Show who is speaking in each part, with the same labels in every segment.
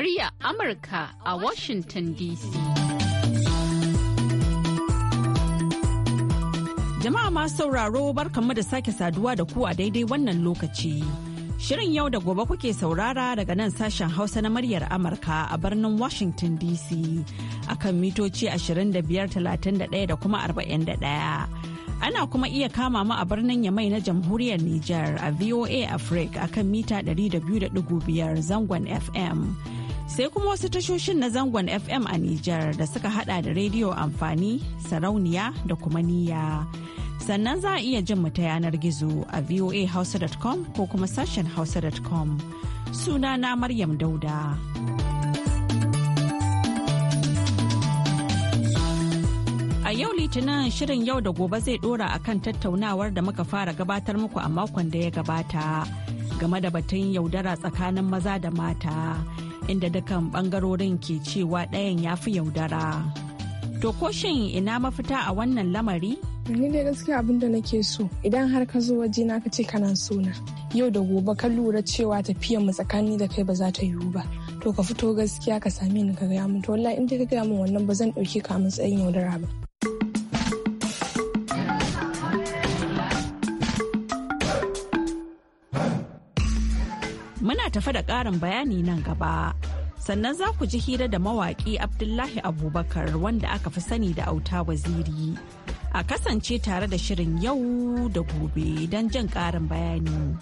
Speaker 1: murya Amurka a Washington DC. Jama'a ma sauraro barkanmu da sake saduwa da ku a daidai wannan lokaci. Shirin yau da gobe kuke saurara daga nan sashen Hausa na muryar Amurka a birnin Washington DC akan mitoci 25,31 da kuma 41. Ana kuma iya kama mu a birnin Yamai na Jamhuriyar Nijar a VOA Africa akan mita 200.5 zangon FM. sai kuma wasu tashoshin na zangon fm a Nijar da suka hada da rediyo amfani sarauniya da kuma niyya sannan za a iya jin mu ta yanar gizo a voahausa.com ko kuma sashen hausa.com na maryam dauda A yau Litinin shirin yau da gobe zai dora kan tattaunawar da muka fara gabatar muku a makon da ya gabata game da batun yaudara tsakanin maza da mata. inda dukan bangarorin ke cewa ɗayan ya fi yaudara. To ko shin ina mafita a wannan lamari?
Speaker 2: Ni dai gaskiya abin da nake so idan har ka zo waje na ka ce kana so na yau da gobe ka lura cewa tafiyan mu tsakani da kai ba za ta yiwu ba to ka fito gaskiya ka same ni ka gaya min to wallahi in dai ka gaya min wannan ba zan dauke ka a matsayin yaudara ba.
Speaker 1: Muna tafa da ƙarin bayani nan gaba. Sannan za ku ji hira da mawaƙi Abdullahi Abubakar wanda aka fi sani da auta waziri. A kasance tare da shirin yau da gobe don jin ƙarin bayani.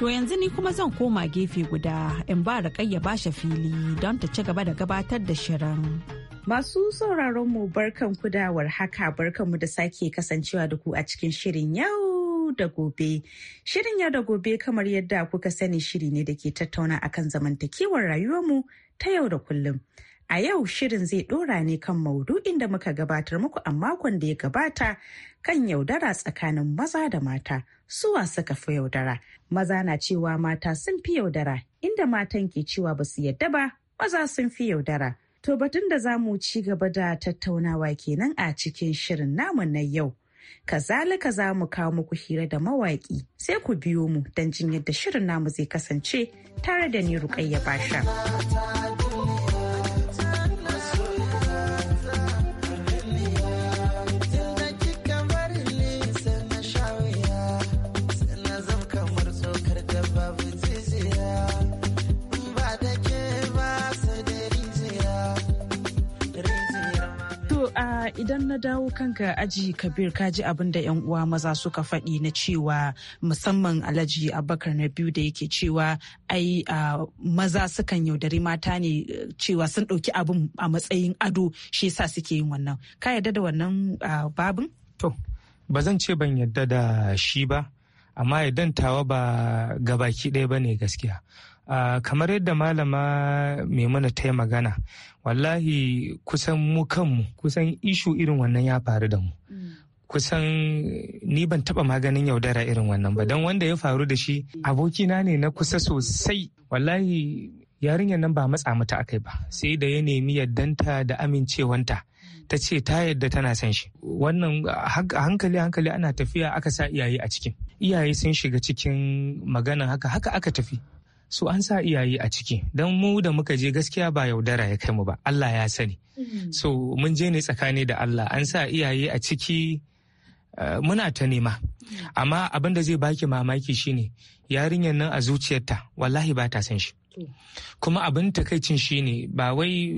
Speaker 1: To yanzu ni kuma zan koma gefe guda in ba da ba shi fili don ta ci gaba da gabatar da shirin.
Speaker 3: Masu sauraron mu barkan kudawar haka mu da sake kasancewa da ku a cikin shirin yau da gobe. Shirin yau da gobe kamar yadda kuka sani shiri ne da ke tattauna akan zamantakewar rayuwarmu ta yau da kullum. A yau shirin zai dora ne kan maudu'in da muka gabatar muku a makon da ya gabata kan yaudara tsakanin maza da mata. Suwa suka fi yaudara. Maza na cewa mata sun fi yaudara, inda matan ke cewa ba su yadda ba, maza sun fi yaudara. To batun da za mu ci gaba da tattaunawa kenan a cikin shirin namu na yau. Kazalika za mu kawo muku hira da mawaƙi sai ku biyo mu don jin yadda shirin namu zai kasance tare da ni Rukayya Basha. a idan na dawo kanka aji kabir kaji abin da yan uwa maza suka faɗi na cewa musamman alhaji abakar na biyu da yake cewa ai maza sukan yaudari mata ne cewa sun ɗauki abin a matsayin ado shi yasa suke yin wannan ka yarda da wannan babin
Speaker 4: to ba zan ce ban yarda da shi ba amma idan tawa ba gabaki ɗaya ba ne gaskiya Uh, kamar yadda malama mai mana ta magana wallahi kusan mu kanmu kusan ishu irin wannan ya faru da mu mm. kusan ni ban taba maganin yaudara irin wannan ba don wanda ya faru da shi abokina ne na kusa sosai wallahi yarinyar nan ba matsa mata akai ba sai da ya nemi yaddanta da amincewanta ta ce ta yadda tana san shi wannan hankali hankali ana tafiya aka sa iyaye a cikin iyaye sun shiga cikin magana haka haka aka tafi so an sa iyaye a ciki don mu da muka je gaskiya ba yaudara ya kai mu ba Allah ya sani mm. so mun je ne tsakani da Allah an sa iyaye a ciki eh, muna ta nema mm. amma abin da zai baki mamaki shine yarinyar nan a zuciyarta wallahi ba ta san shi kuma abin takaicin shine ba wai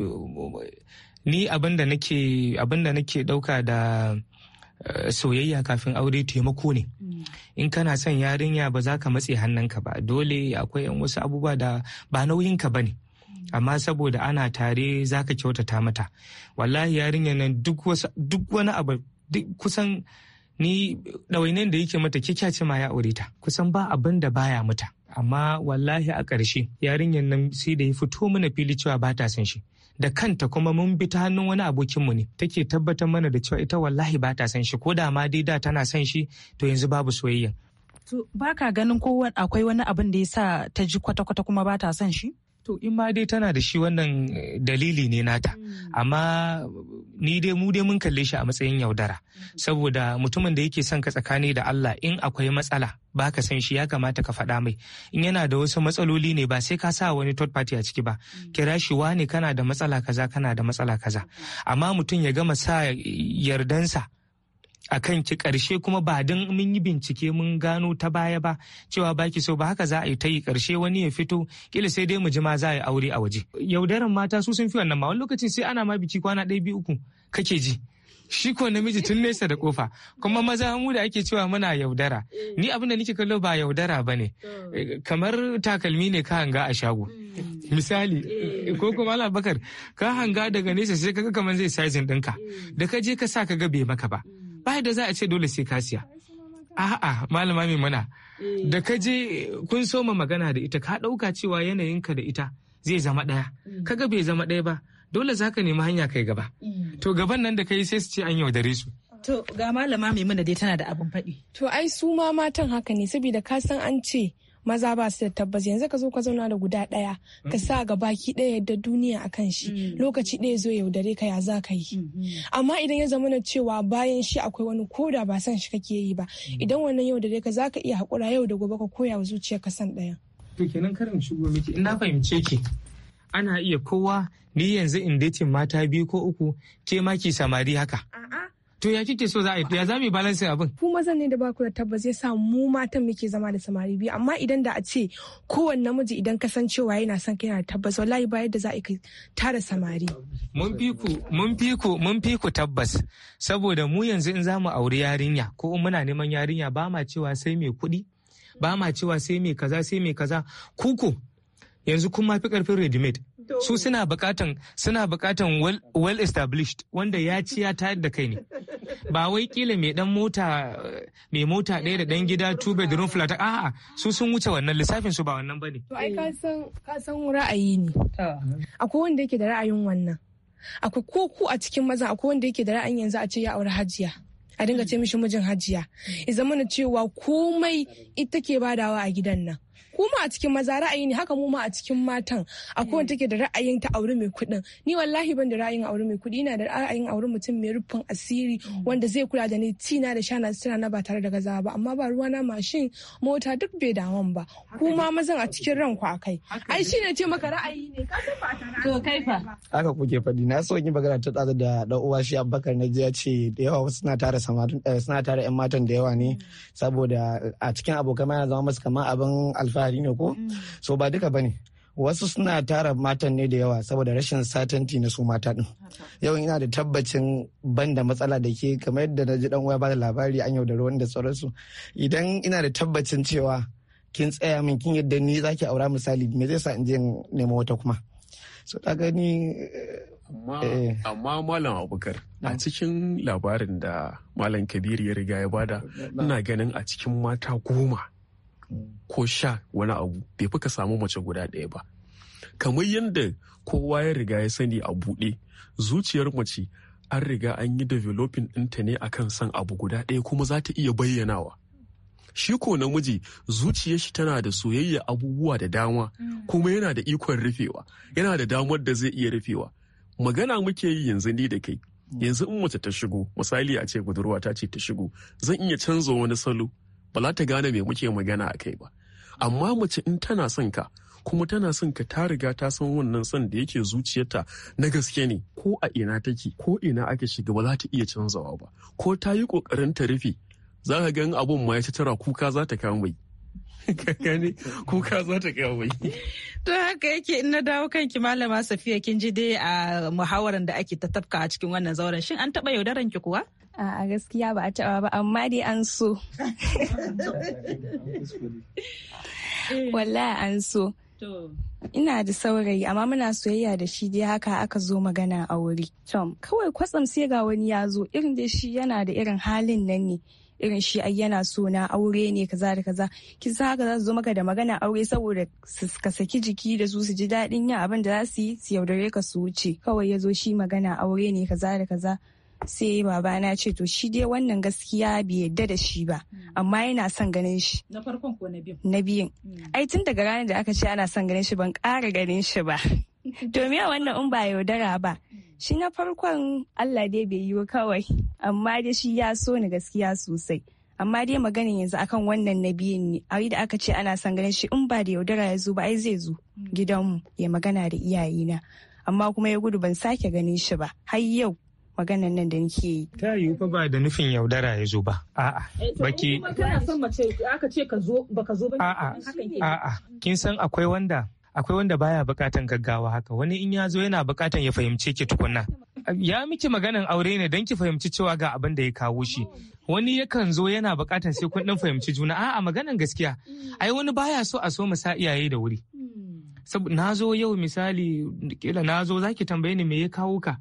Speaker 4: ni abin da nake abin da nake dauka da eh, soyayya kafin aure taimako ne in kana son yarinya ba za ka matse hannunka ba dole akwai yan wasu abubuwa da ba nauyinka ba ne amma saboda ana tare za ka kyautata mata wallahi yarinya nan duk wani abu kusan ni dawainan da yake mata kika ce ma ya aure ta kusan ba abin da baya mata amma wallahi a ƙarshe yarinyar nan sai da ya fito mana fili cewa ba ta son shi da kanta kuma mun bi ta hannun wani abokinmu ne take tabbatar mana da cewa ita wallahi ba ta san shi ko da ma dai da tana san shi to yanzu babu soyayya.
Speaker 3: To ba ganin ko akwai wani abin da ya sa ta ji kwata-kwata kuma ba ta son shi?
Speaker 4: to in ma dai tana da shi wannan eh, dalili ne nata mm. amma ni dai mu dai mun kalle shi a matsayin yaudara mm-hmm. saboda mutumin da yake son ka tsakani da Allah in akwai matsala ba ka san shi ya kamata ka faɗa mai in yana da wasu matsaloli ne ba sai ka sa wani third party a ciki ba mm. kira shi wani kana da matsala kaza kana da matsala kaza mm. amma mutum ya gama sa yardansa a kan ki ƙarshe kuma ba don mun yi bincike mun gano ta baya ba cewa baki so ba haka za a yi ta yi ƙarshe wani ya fito kila sai dai mu ji ma za a yi aure a waje yaudaran mata su sun fi wannan ma wani lokacin sai ana ma biki kwana ɗaya biyu uku kake ji shi ko namiji tun nesa da kofa kuma maza mu da ake cewa muna yaudara ni abin da nake kallo ba yaudara ba ne kamar takalmi ne ka hanga a shago misali ko kuma bakar ka hanga daga nesa sai kaga kamar zai sizing ɗinka da ka je ka sa ka ga bai maka ba ba da za a ce dole sai ka siya a'a malama mai mana eh. da ka je kun soma magana da ita ka ɗauka cewa yanayinka da ita zai zama ɗaya mm. kaga bai zama ɗaya ba dole za ka nemi hanya kai gaba mm. to gaban nan da ka yi sai su ce an yaudare su
Speaker 3: to ga malama mai mana dai tana da abin faɗi
Speaker 2: to ai su ma matan haka ne saboda ka san an ce maza ba su da tabbas yanzu ka zo ka zauna da guda ɗaya ka mm. sa ga baki ɗaya yadda duniya a kan shi mm. lokaci ɗaya zo yaudare ka ya za ka yi mm-hmm. amma idan ya zama na cewa bayan shi akwai wani koda ba san shi kake yi ba mm. idan wannan yaudare ka za ka iya haƙura yau da gobe ka koya wa zuciya ka
Speaker 4: san ɗaya. to kenan karin shigo miki in na fahimce ki ana iya kowa ni yanzu in datin mata biyu ko uku ke maki samari haka. A'a To ya kike so za a ya za balance abin?
Speaker 2: Ku mazan ne da ba ku da tabbas ya sa mu matan muke zama da samari biyu amma idan da a ce kowanne namiji idan cewa yana son kai yana da tabbas wallahi ba yadda za a yi tara
Speaker 4: samari. Mun fi ku mun fi ku tabbas saboda mu yanzu in za mu auri yarinya ko muna neman yarinya ba ma cewa sai mai kuɗi ba ma cewa sai mai kaza sai mai kaza kuku yanzu kun fi karfin ready made su suna bukatan suna bukatan well, established wanda ya ci ya tayar da kai ne ba wai kila mai dan mota mai mota ɗaya da dan gida two bedroom flat a'a su sun wuce wannan lissafin su ba wannan bane
Speaker 2: to ai ka san ka san ra'ayi ne akwai wanda yake da ra'ayin wannan akwai ko ku a cikin maza akwai wanda yake da ra'ayin yanzu a ce ya aure hajiya a dinga ce mishi mijin hajiya ya zama na cewa komai ita ke badawa a gidan nan kuma a cikin maza ra'ayi ne haka mu ma a cikin matan akwai wanda take da ra'ayin ta aure mai kuɗin ni wallahi ban da ra'ayin aure mai kuɗi ina da ra'ayin aure mutum mai rufin asiri wanda zai kula da ni tina da shana sira na ba tare da gaza ba amma ba ruwa na mashin mota duk bai dawan ba kuma mazan a cikin ku akai ai ne ce maka ra'ayi ne ka san ba to kai fa
Speaker 5: haka kuke faɗi na so yi magana ta tsada da dan uwa shi Abubakar na ji ya ce da yawa suna tara samarin eh, suna tara yan matan da yawa ne saboda a cikin abokan yana zama masu kamar abin alfahari ne ko mm. so ba duka bane wasu suna tara matan ne da yawa saboda rashin satanti na su mata din yau ina da tabbacin ban da matsala da ke kamar yadda na ji dan waya ba da labari an yau da ruwan da idan ina da tabbacin cewa kin tsaya min kin yadda ni zaki aura misali me zai sa in je nemo wata kuma so ta gani
Speaker 6: eh. amma malam abubakar a cikin labarin da malam kabiru ya riga ya bada ina ganin a cikin mata goma ko sha wani abu bai fi ka samu mace guda ɗaya ba kamar yadda kowa ya riga ya sani a buɗe zuciyar mace an riga an yi developing ɗinta ne akan son abu guda ɗaya kuma za ta iya bayyanawa shi ko namiji zuciyar shi tana da soyayya abubuwa da dama mm. kuma yana da ikon rufewa yana da damar da zai iya rufewa magana muke yi yanzu ni da kai mm. yanzu in mace ta shigo misali a ce budurwa ta ce ta shigo zan iya canza wani salo ba za ta gane mai muke magana a kai ba amma mace in tana son ka kuma tana son ka ta riga ta san wannan son da yake zuciyarta na gaske ne ko a ina take ko ina ake shiga ba za ta iya canzawa ba ko ta yi kokarin ta rufe za ka gan abun ma ya ta tara kuka za ta kama gani kuka za ta kama
Speaker 3: to haka yake in na dawo kanki malama safiya kin ji dai a ah, muhawaran da ake ta tafka a cikin wannan zauren shin an taɓa yaudaran ki kuwa A gaskiya ba
Speaker 7: a taɓa ba, amma dai an so. Wallahi an so. Ina da saurayi, amma muna soyayya da shi dai haka aka zo magana a wuri. Tom, kawai kwatsam sai ga wani ya zo, irin dai shi yana da irin halin nan ne. irin shi ai yana so na aure ne kaza da kaza kin san haka za su zo maka da magana aure saboda ka saki jiki da su su ji daɗin yin abin da za su yi su yaudare ka su wuce kawai ya zo shi magana aure ne kaza da kaza sai babana ce to shi dai wannan gaskiya bai yadda da shi ba mm. amma yana son ganin shi
Speaker 3: na farkon ko na
Speaker 7: biyun mm. ai tun daga ranar da aka ce ana son ganin shi ban ƙara ganin shi ba domin wannan in ba yaudara ba mm. shi na farkon Allah dai bai yi kawai amma dai shi ya so ni gaskiya sosai amma dai maganin yanzu akan wannan na biyun ne a da aka ce ana son ganin shi in ba da yaudara ya zo ba ai zai zo gidanmu ya magana da iyayena amma kuma ya gudu ban sake ganin shi ba har yau maganan nan da nake yi.
Speaker 4: Ta yiwu fa ba da nufin yaudara ya zo ba. A'a. Eh, baki. Kana
Speaker 3: son mace aka ce ka zo baka zo ba.
Speaker 7: A'a.
Speaker 4: A'a. Kin san akwai wanda akwai wanda baya bukatan gaggawa haka wani in ya zo yana bukatan ya fahimce ki tukunna. Ya miki maganan aure ne don ki fahimci cewa ga abin da ya kawo shi. Wani yakan zo yana bukatan sai kun fahimci juna a'a maganan gaskiya. Ai wani baya so a so mu sa iyaye da wuri. Hmm. na zo yau misali kila na zaki tambaye ni me ya kawo ka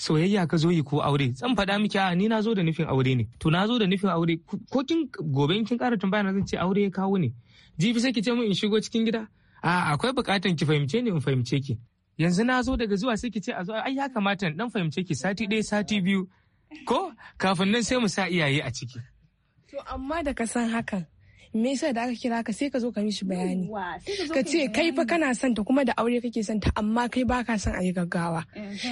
Speaker 4: soyayya ka zo yi ko aure zan faɗa miki a ni na zo da nufin aure ne to na zo da nufin aure ko kin gobe kin ƙara tambaya na zan ce aure ya kawo ne jifi sai ki ce mun in shigo cikin gida a akwai buƙatan ki fahimce ni in fahimce ki yanzu na zo daga zuwa sai ki ce a zo ai ya kamata dan fahimce ki sati ɗaya sati biyu ko kafin nan sai mu sa iyaye a ciki
Speaker 2: to amma da ka san hakan me yasa da aka kira ka sai ka zo ka mishi bayani
Speaker 7: ka ce kai fa kana
Speaker 2: son ta kuma da aure kake son ta amma kai baka son a yi gaggawa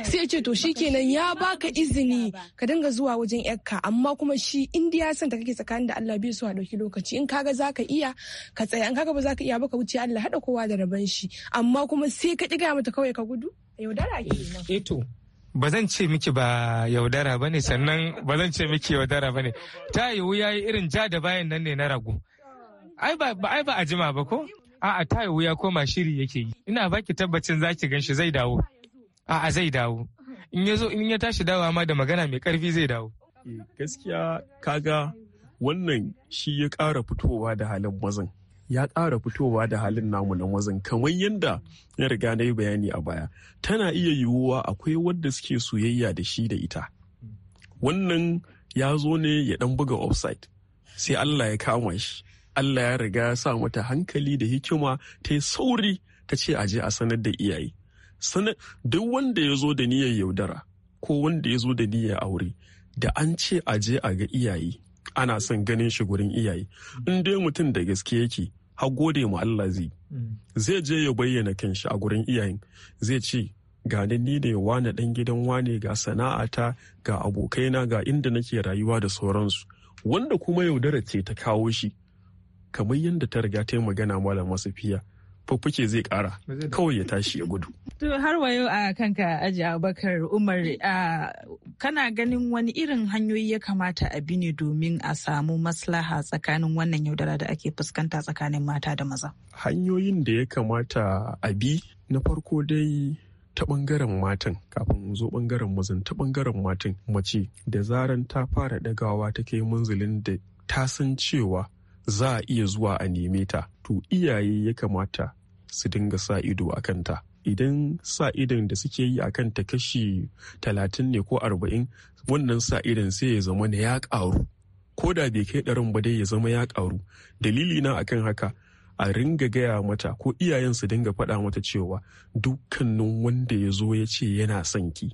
Speaker 2: sai ce to shi shikenan ya baka izini ka dinga zuwa wajen yakka amma kuma shi indiya ya son ta kake tsakanin da Allah bai so a dauki lokaci in kaga zaka iya ka tsaya in kaga ba zaka iya ba ka wuce Allah hada kowa da raban shi amma kuma sai ka diga mata kawai ka gudu yaudara kenan
Speaker 4: eh to ba zan ce miki ba yaudara ba ne sannan ba zan ce miki yaudara ba ne ta yi ya irin ja da bayan nan ne na ragu ai ba ai ba a jima ba ko a a'a taya wuya koma shiri yake yi ina baki tabbacin zaki ganshi zai dawo a'a zai dawo in ya in ya tashi dawowa ma da magana mai karfi zai dawo
Speaker 6: eh, gaskiya kaga wannan shi ya ƙara fitowa da halin mazan ya ƙara fitowa da halin namu na mazan kamar yadda na riga na yi bayani a baya tana iya yiwuwa akwai wanda suke soyayya da shi da ita wannan ya zo ne ya dan buga offside sai Allah ya kama shi Allah ya riga ya sa mata hankali da hikima ta yi sauri ta ce a je a sanar da iyaye. Duk wanda ya zo da niyyar yaudara ko wanda ya zo da niyyar aure da an ce a je a ga iyaye ana son ganin shi gurin iyaye. In dai mutum da gaske yake har gode mu Allah zai. Mm. Zai je ya bayyana kanshi a gurin iyayen zai ce ga ni ne wane dan gidan wane ga sana'ata ga abokaina ga inda nake rayuwa da sauransu. Wanda kuma yaudara ce ta kawo shi. kamar yadda ta riga ta yi magana malama safiya fuffuke zai kara kawai ya tashi ya gudu.
Speaker 3: To har wayo a kanka Aji Abubakar Umar kana ganin wani irin hanyoyi ya kamata a bi ne domin a samu maslaha tsakanin wannan yaudara da ake fuskanta tsakanin mata da maza.
Speaker 6: Hanyoyin da ya kamata a bi na farko dai ta bangaren matan kafin zo bangaren mazan ta bangaren matan mace da zaran ta fara dagawa ta kai munzulin da ta san cewa za a iya zuwa a neme ta to iyaye ya kamata su dinga sa ido a kanta idan sa idon da suke yi a kanta kashi talatin ne ko arba'in wannan sa idon sai ya zama na ya karu ko da bai kai ɗarin ba dai ya zama ya karu dalili na akan haka a ringa gaya mata ko iyayen su dinga faɗa mata cewa dukkanin wanda ya zo ya ce yana son ki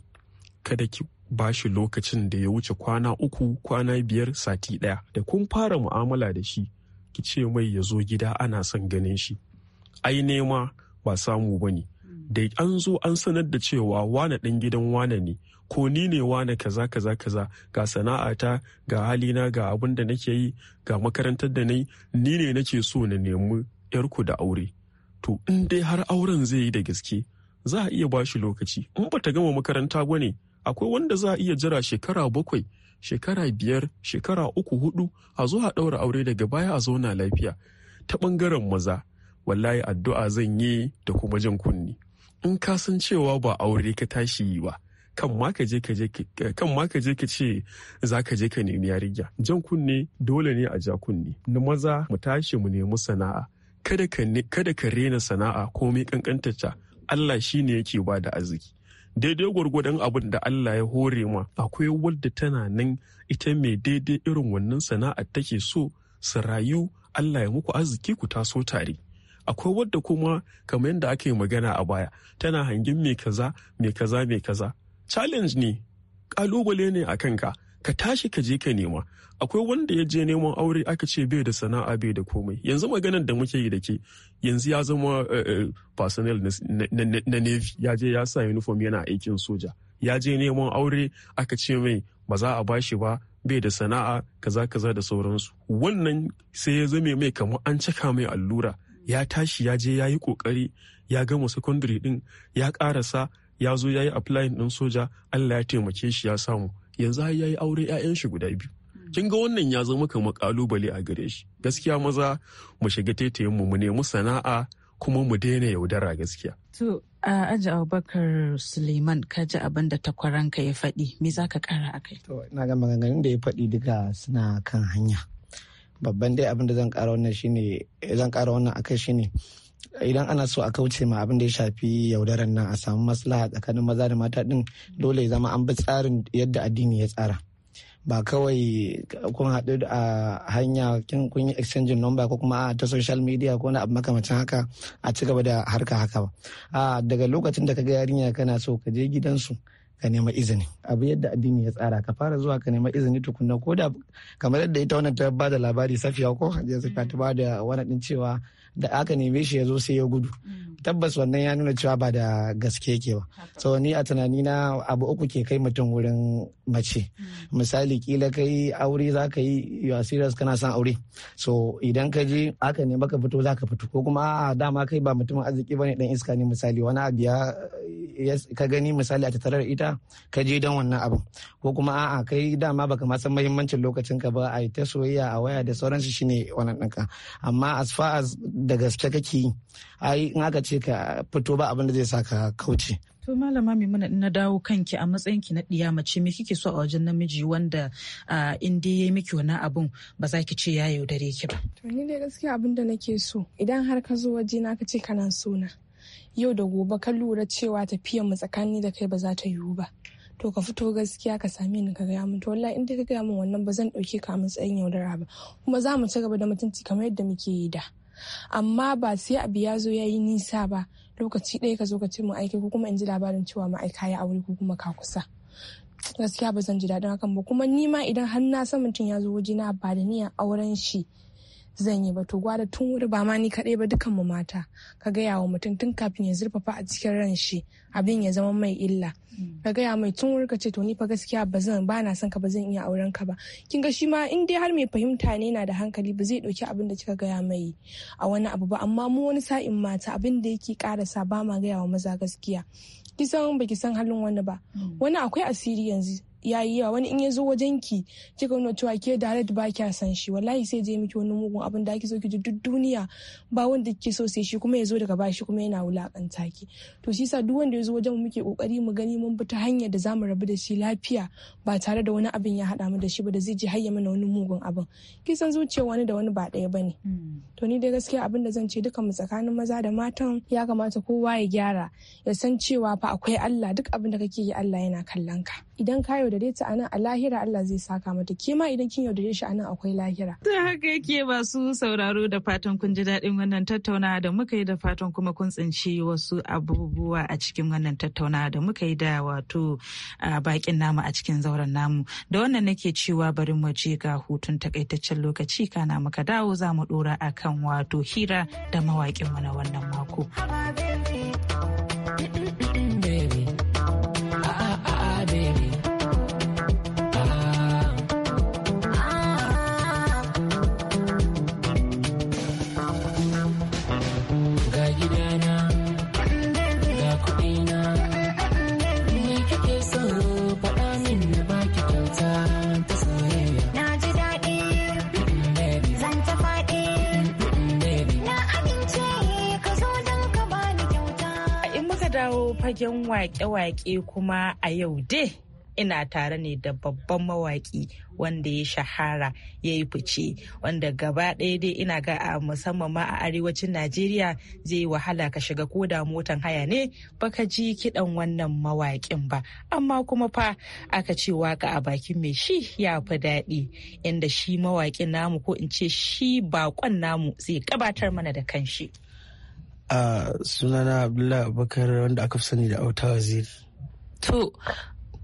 Speaker 6: kada ki ba shi lokacin da ya wuce kwana uku kwana biyar sati ɗaya da kun fara mu'amala da shi ki ce mai ya zo gida ana son ganin shi ai nema ba samu ba ne da an zo an sanar da cewa wane ɗan gidan wane ne ko ni ne wane kaza kaza kaza ga sana'ata ga halina ga abin da nake yi ga makarantar da nayi ni ne nake so na nemi yarku da aure to in dai har auren zai yi da gaske za a iya ba shi lokaci in bata gama makaranta ba ne akwai wanda za a iya jira shekara bakwai shekara biyar shekara uku hudu a zo a ɗaura aure daga baya a zauna lafiya ta ɓangaren maza wallahi addu'a zan yi da kuma jan kunni in ka san cewa ba aure ka tashi yi ba kan ma ka je ka ce za ka je ka nemi yarinya jan kunne dole ne a ja kunne na maza mu tashi mu nemi sana'a kada ka rena sana'a komai kankantacca Allah shi ne yake ba da arziki daidai gwargwadon abin da Allah ya hore ma akwai wadda tana nan ita mai daidai irin wannan sana'ar take so su rayu Allah ya muku arziki ku taso tare akwai wadda kuma kamar yadda aka yi magana a baya tana hangin mai kaza mai kaza mai kaza challenge ne ƙalubale ne a kanka ka tashi ka je ka nema akwai wanda ya je neman aure aka ce bai da sana'a bai da komai yanzu maganar da muke yi da ke yanzu ya zama eh, eh, personnel na navy ya je ya sa uniform yana aikin soja ya je neman aure aka ce mai ba za a bashi ba bai da sana'a kaza kaza da sauransu wannan sai ya zame mai kamar an caka mai allura ya tashi ya je ya yi kokari ya gama secondary din ya karasa ya zo ya yi applying din soja allah ya taimake shi ya samu yanzu har ya yi aure 'ya'yan shi guda biyu kin ga wannan ya zama kamar kalubale a gare shi gaskiya maza mu shiga taitayin mu mu nemi sana'a kuma mu daina yaudara gaskiya
Speaker 3: to a aji abubakar suleiman ka ji abin da takwaranka ya faɗi me za ka kara a kai
Speaker 6: to
Speaker 5: ga maganganun da ya
Speaker 6: faɗi duka
Speaker 5: suna kan hanya babban dai abin da zan kara wannan shine zan kara wannan akai shine idan ana so a kauce ma abin da ya shafi yaudarar nan a samu maslaha tsakanin maza da mata din dole ya zama an bi tsarin yadda addini ya tsara ba kawai kun haɗu a hanya kun yi exchanging number ko kuma ta social media ko na abu makamacin haka a ci gaba da harka haka ba a daga lokacin da ka ga yarinya kana so ka je gidansu ka nema izini abu yadda addini ya tsara ka fara zuwa ka nema izini tukunna ko da kamar yadda ita wannan ta bada labari safiya ko hajiya safiya ta bada wani din cewa da aka neme shi ya zo sai ya gudu mm. tabbas wannan ya nuna cewa ba da gaske ke ba so ni a tunani na abu uku ke kai mutum wurin mace mm. misali kila kai aure za ka yi you serious kana son aure so idan ka je aka ne maka fito za ka fito ko kuma a dama kai ba mutumin arziki bane dan iska ne misali wani abu ya ka gani misali a tarar ita ka je dan wannan abu ko kuma a'a kai dama baka ma san muhimmancin lokacin ka ba a yi ta soyayya a waya da sauransu shine wannan ɗinka amma as far as da gaske kake yi ai in aka ce ka fito ba abin da zai sa ka kauce
Speaker 3: To malama Maimuna na dawo kanki a matsayin ki na ɗiya mace me kike so a wajen namiji wanda in dai ya miki wani abun ba za ki ce ya yaudare ki ba.
Speaker 2: To ni dai gaskiya abin da nake so idan har ka zo waje na ka ce kana so na. Yau da gobe ka lura cewa tafiyar mu tsakani da kai ba za ta yiwu ba. To ka fito gaskiya ka sami ni ka gaya min to wallahi in dai ka gaya min wannan ba zan dauke ka a matsayin yaudara ba kuma za mu ci gaba da mutunci kamar yadda muke yi da. amma ba sai abu ya zo ya yi nisa ba lokaci ɗaya ka zo ka ce mu aiki ko kuma in ji labarin cewa mu aika ya aure ko kuma ka kusa gaskiya ba zan ji daɗin hakan ba kuma ni ma idan har na san mutum ya zo waje na ba da niyyar auren shi zan yi ba to gwada tun wuri ba ma ni kaɗai ba dukan mu mata ka gaya wa mutum tun kafin ya zurfafa a cikin ran shi abin ya zama mai illa mm. ka gaya mai tun wuri ka ce to ni fa gaskiya ba zan ba na son ka ba zan iya auren ka ba kin ga shi ma in dai har mai fahimta ne na da hankali ba zai ɗauki abin da kika gaya mai a wani abu ba amma mu wani sa'in mata abin da yake karasa ba ma gaya wa maza gaskiya kisan ki san halin wani ba mm. wani akwai asiri yanzu ya yi yawa wani in ya zo wajen ki kika nuna cewa ke direct ba kya san shi wallahi sai je miki wani mugun abin da ake so ki duk duniya ba wanda kike so sai shi kuma ya zo daga bashi kuma yana wulakanta ki to shi sa duk wanda ya zo wajen muke kokari mu gani mun bi ta hanyar da zamu rabu da shi lafiya ba tare da wani abin ya hada mu da shi ba da zai ji hayya mana wani mugun abin san zuciyar wani da wani ba ɗaya bane hmm. to ni dai gaskiya abin da zan ce duka mu tsakanin maza da matan ya kamata kowa ya gyara ya san cewa fa akwai Allah duk abin da kake yi Allah yana kallon ka idan ka yau yaudare ta anan a lahira Allah zai saka mata ke ma idan kin yaudare shi anan akwai lahira.
Speaker 3: Ta haka yake masu sauraro da fatan kun ji daɗin wannan tattaunawa da muka yi da fatan kuma kun tsinci wasu abubuwa a cikin wannan tattaunawa da muka yi da wato bakin namu a cikin zauren namu da wannan nake cewa bari mu je ga hutun takaitaccen lokaci kana muka dawo za mu dora akan wato hira da mawakin mu na wannan mako. fagen wake-wake kuma a yau dai ina tare ne da babban mawaki wanda ya shahara ya yi fice wanda gaba ɗaya dai ina ga a musamman ma a arewacin najeriya zai yi wahala ka shiga ko da motan haya ne ba ka ji kiɗan wannan mawaƙin ba amma kuma fa aka ce waka a bakin mai shi ya fi daɗi inda shi mawaƙin namu ko in ce shi baƙon namu zai gabatar mana da kanshi.
Speaker 8: a sunana abdullahi abubakar wanda aka fi sani da auta waziri
Speaker 3: to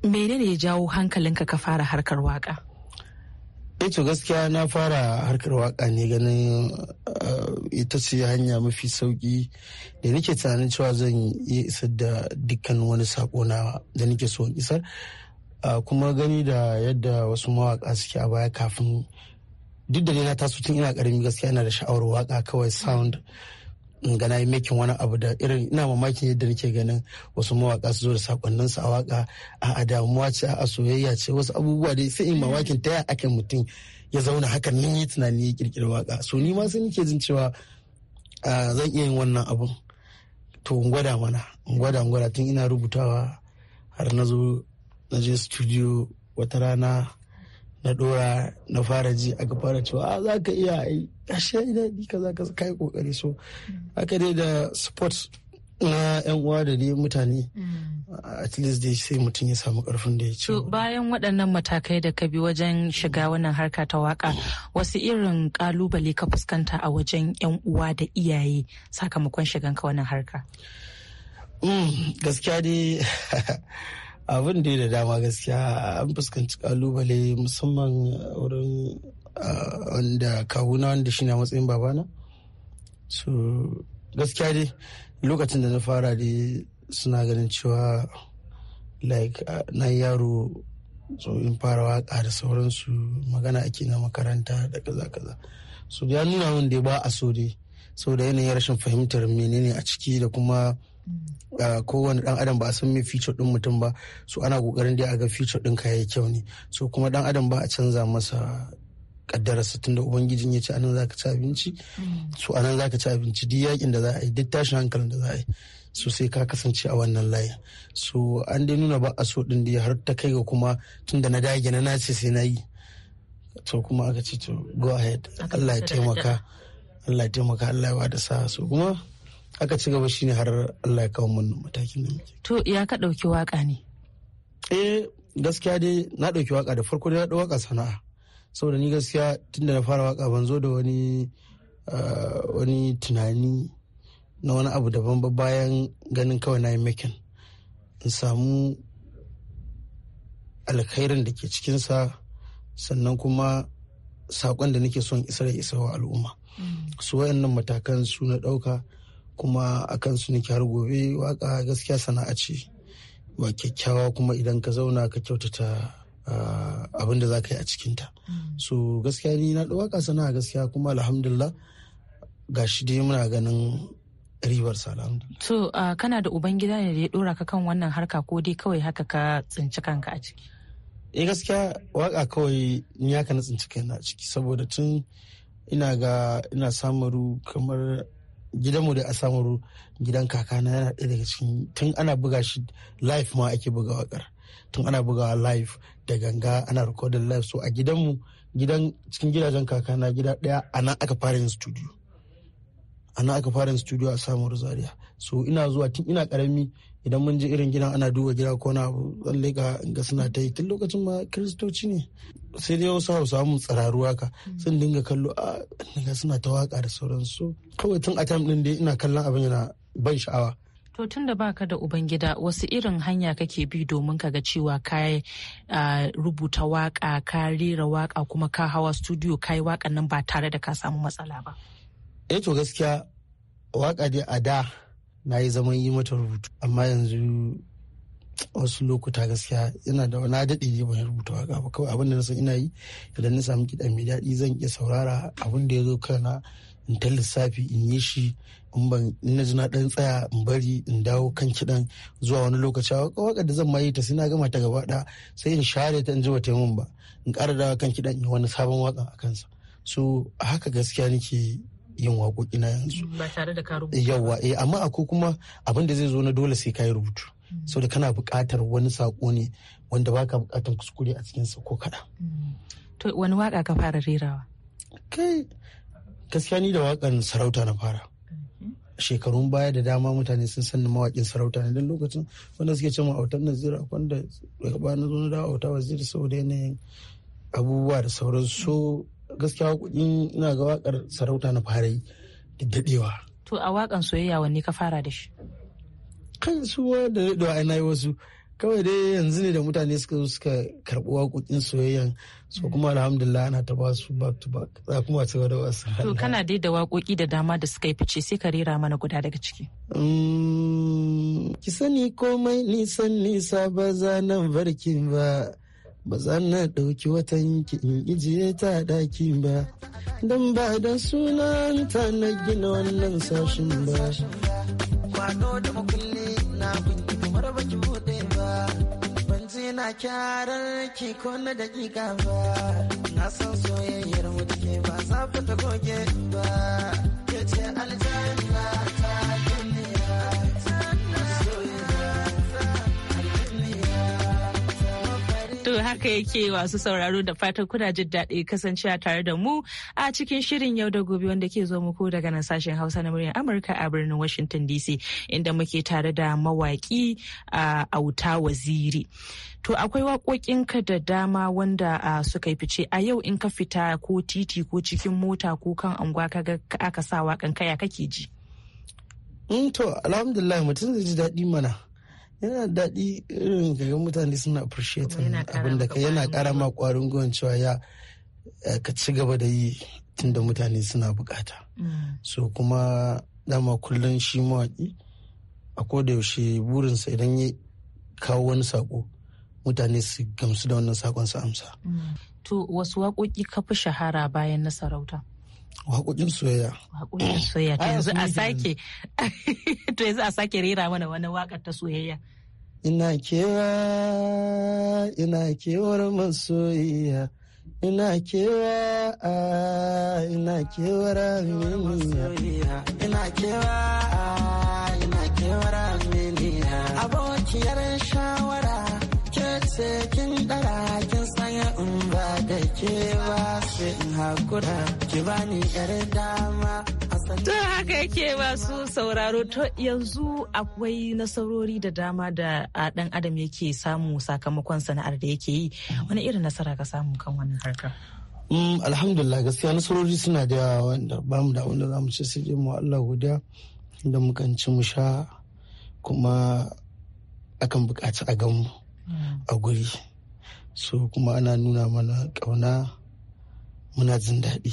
Speaker 3: menene ya jawo hankalinka ka fara harkar waka
Speaker 8: eh to gaskiya na fara harkar waka ne ganin eh, ita ce hanya mafi sauki da nake tunanin cewa zan iya isar da dukkan wani sako da nake so isar kuma gani da yadda wasu mawaka suke a baya kafin duk da na taso tun ina karami gaskiya ina da sha'awar waka kawai sound mm -hmm. in gana na mekin wani abu da irin ina mamakin yadda nake ganin wasu mawaka su zo da sakonnin su a waka a damuwa ce a soyayya ce wasu abubuwa dai sai in mamakin ta ya ake mutum ya zauna hakan nan yi tunani ya kirkiri waka so ni ma sai nake jin cewa zan iya yin wannan abun to in gwada mana in gwada in gwada tun ina rubutawa har na zo na je studio wata rana na dora na fara ji aka fara cewa a ah, za ka iya yi ashe daɗi ka za ka kai kokari so aka dai da sport na yan uwa da dai mutane mm. at least dai sai mutum ya samu karfin da ya ci.
Speaker 3: bayan waɗannan matakai da ka bi wajen shiga wannan harka ta waka wasu irin kalubale ka fuskanta a wajen yan uwa da iyaye sakamakon
Speaker 8: shiganka wannan harka. Mm, gaskiya dai abin da da dama gaskiya an fuskanci kalubale musamman wurin ah, wanda kawuna wanda shi na matsayin babana so gaskiya dai lokacin da na fara dai suna ganin cewa like ah, na yaro tsohon fara waka da sauransu magana ake na makaranta da kaza kaza so ya nuna min dai ba a so dai saboda yanayin rashin fahimtar menene a ciki da kuma kowane dan adam ba a san me feature din mutum ba so ana kokarin dai a ga feature din ya kyau ne so kuma dan adam ba a canza masa kaddara tun da ubangijin ya ce anan zaka ci abinci so anan zaka ci abinci duk yakin da za a yi duk tashin hankalin da za a yi so sai ka kasance a wannan layin so an dai nuna ba a so din da har ta kai ga kuma tunda na dage na nace sai na yi to kuma aka ce to go ahead Allah ya taimaka Allah ya taimaka Allah ya wada sa so kuma aka ci gaba shine har Allah ya kawo mun matakin da muke
Speaker 3: to ya ka dauki waka ne
Speaker 8: eh gaskiya dai na dauki waka da farko dai na dauki waka sana'a saboda ni gaskiya tunda na fara waka ban zo da wani ah, wani tunani na wani abu daban ba bayan ganin kawai na yi makin in samu alkhairin da ke cikinsa sannan kuma sakon da nake son isar da isar wa al'umma mm. su wayannan matakan su na ɗauka kuma a kansu nake har gobe waka gaskiya sana'a ce ba kyakkyawa kuma idan ka zauna ka kyautata ah, abin da za ka yi a cikinta mm. so gaskiya ni na waka sana'a gaskiya kuma alhamdulillah ga shi dai muna ganin ribar salam.
Speaker 3: So ah, kana da ubangida ne da ya ɗora ka kan wannan harka ko dai kawai haka ka tsinci kanka a ciki?
Speaker 8: Eh gaskiya waka kawai ni haka na tsinci kaina a ciki saboda tun ina ga ina samaru kamar gidanmu da asamar gidan kakana yana ɗaya daga cikin tun ana buga shi live ma ake buga wakar tun ana bugawa live da ganga ana recording live so a gidanmu gidan cikin gidajen kakana gida ɗaya a nan aka fara yin studio a nan aka fara yin studio a samun zaria so ina zuwa tun ina karami idan mun je irin gidan ana duba gida ko na abu ga suna ta yi tun lokacin ma kiristoci ne sai dai wasu hausa mu tsiraru haka sun dinga kallo ah, a suna ta waka da sauransu kawai tun a time din dai ina kallon abin yana ban sha'awa
Speaker 3: to tun da baka da ubangida wasu irin hanya kake bi domin ka ga cewa ka ah, rubuta waka ka rera waka kuma ka hawa studio ka yi wakan nan ba tare da ka samu matsala ba
Speaker 8: eh to gaskiya waka dai a da na yi zaman yi mata rubutu amma yanzu wasu lokuta gaskiya yana da na daɗe ne ban rubuta waka ba kawai abin da na san ina yi idan na samu kiɗa mai daɗi zan iya saurara abin da ya zo kana in ta lissafi in yi shi in ban na ji dan tsaya in bari in dawo kan kiɗan zuwa wani lokaci waka da zan ma yi ta sai na gama ta gaba ɗaya sai in share ta in ji wata mun ba in ƙara dawo kan kiɗan in wani sabon waka a kansa so haka gaskiya nake yin waƙoƙi na yanzu
Speaker 3: ba tare da ka rubuta yawa
Speaker 8: eh amma akwai kuma abin da zai zo na dole sai ka yi rubutu saboda kana buƙatar wani saƙo ne wanda baka buƙatar kuskure a cikinsa ko kaɗan.
Speaker 3: to wani waka ka fara rerawa
Speaker 8: kai gaskiya ni da wakan sarauta na fara shekarun baya da dama mutane sun san mawakin sarauta ne don lokacin wanda suke cewa autan nazira wanda daga baya na zo na dawo auta waziri saboda yanayin abubuwa da sauran so gaskiya ina ga wakar sarauta na fara yi daɗewa
Speaker 3: to a waƙan soyayya wanne ka fara da shi
Speaker 8: kansu da da ai yi wasu kawai dai yanzu ne da mutane suka zo suka karɓi waƙoƙin soyayyan so kuma alhamdulillah ana ta su back to back za kuma ci da wasu to
Speaker 3: kana dai da waƙoƙi da dama da suka yi fice sai ka rera mana guda daga
Speaker 8: ciki mm, ki sani komai nisan nisa ba za nan barkin ba ba za na ɗauki watan in ijiye ta daki ba don ba da sunan ta na gina wannan sashin ba
Speaker 9: kwano da makulli na binki kamar baki buɗe ba ban je na kyarar ki ko na dakika ba na san soyayyar mu ke ba za ta goge ba ke ce aljanna
Speaker 3: haka yake wasu sauraro da fatan kuna jin daɗi kasancewa tare da mu a cikin shirin yau da gobe wanda ke zo muku daga nan sashen Hausa na muryar Amurka a birnin Washington DC inda muke tare da mawaƙi a auta waziri. To akwai ka da dama wanda suka yi fice a yau in ka fita ko titi ko cikin mota ko kan anguwa kaga aka sa waƙan kaya kake ji.
Speaker 8: Mm, to alhamdulillah mutum zai ji daɗi mana. yana daɗi irin ga mutane suna appreciating abin da kai yana ƙara ma ƙwarin gwiwan cewa ya eh, ka ci gaba da yi tunda mutane suna bukata mm. so kuma dama kullum shi mawaƙi a koda yaushe burinsa idan ya kawo wani sako mutane su gamsu da wannan sakon su amsa
Speaker 3: mm. to wasu waƙoƙi ka fi shahara bayan na sarauta
Speaker 8: waƙoƙin soyayya waƙoƙin soyayya to yanzu a sake
Speaker 3: to yanzu a sake rera mana wani waƙar ta soyayya
Speaker 8: ina kewa ina kewar masoyiya ina kewa ina kewar aminiya
Speaker 9: ina kewa ina kewar aminiya abokiyar shawara ke ce kin dara in ba da ke ba sai in hakura ki bani yar dama To haka yake masu
Speaker 3: sauraro to yanzu akwai nasarori da dama da dan adam yake samu sakamakon sana'ar da yake yi wani irin nasara ka samu kan wannan harka
Speaker 8: mm, alhamdulillah gaskiya nasarori suna da yawa wanda ba mu da wanda za mu ce sai mu Allah guda da mukan ci mu sha kuma akan bukaci a ganmu a guri. so kuma ana nuna mana kauna muna jin daɗi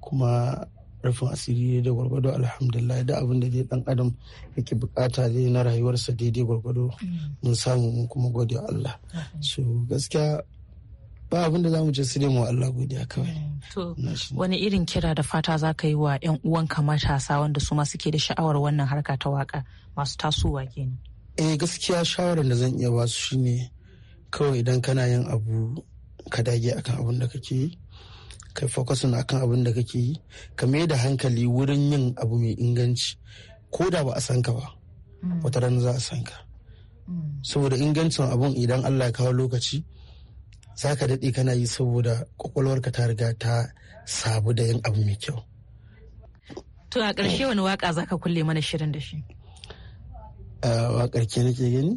Speaker 8: kuma rufin asiri da gwargwado alhamdulillah da abin da dan adam yake bukata zai na rayuwarsa daidai gwargwado mun samu mun kuma godiya Allah so gaskiya ba abin da zamu ce su dai mu Allah godiya kawai mm, to
Speaker 3: wani irin kira da fata za ka yi wa yan uwanka matasa wanda su ma suke da sha'awar wannan harka ta waka masu tasowa kenan
Speaker 8: eh gaskiya shawarar da zan iya ba su shine kawai idan kana yin abu ka dage akan abin da kake yi ka focusin akan abin da kake yi ka mai da hankali wurin yin abu mai inganci ko da ba a san ka ba mm. wata rana za a san ka mm. saboda ingancin abun idan Allah ya kawo lokaci za ka daɗe kana yi saboda kwakwalwarka ta riga ta sabu da yin abu mai kyau.
Speaker 3: To a ƙarshe wani waka za ka kulle
Speaker 8: mana shirin da shi? Waƙar ke nake gani?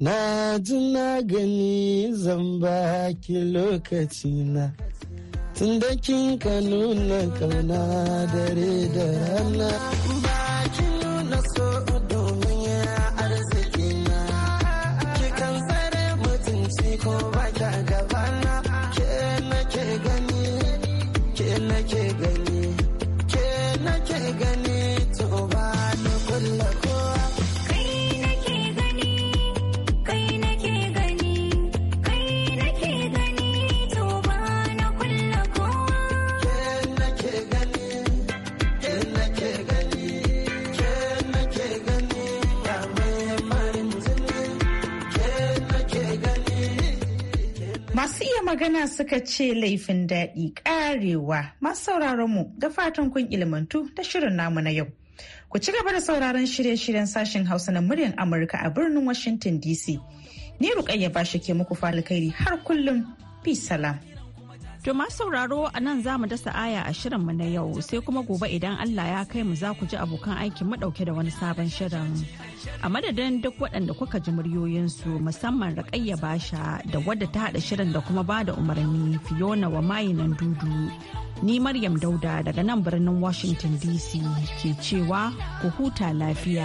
Speaker 8: na ji na gani zan baki lokacina tun da kin kauna dare da rana baki
Speaker 9: nuna so domin ya arziki na kikan tsare mutunci ko baki gabana
Speaker 3: magana suka ce laifin daɗi ƙarewa masu sauraron mu da fatan kun ilimantu da shirin namu na yau. Ku ci gaba da sauraron shirye-shiryen sashen Hausa na muryar Amurka a birnin Washington DC. Ni Rukayya shi ke muku kairi har kullum. Peace salam.
Speaker 1: To masu sauraro a nan za mu dasa aya a shirin mu na yau sai kuma gobe idan Allah ya kai mu za ku ji abokan aikin mu dauke da wani sabon shirin. A madadin duk waɗanda kuka ji muryoyinsu musamman Raƙayya Basha da wadda ta haɗa shirin da kuma ba da umarni Fiona wa mayinan dudu. Ni Maryam Dauda daga nan birnin Washington DC ke cewa ku huta lafiya.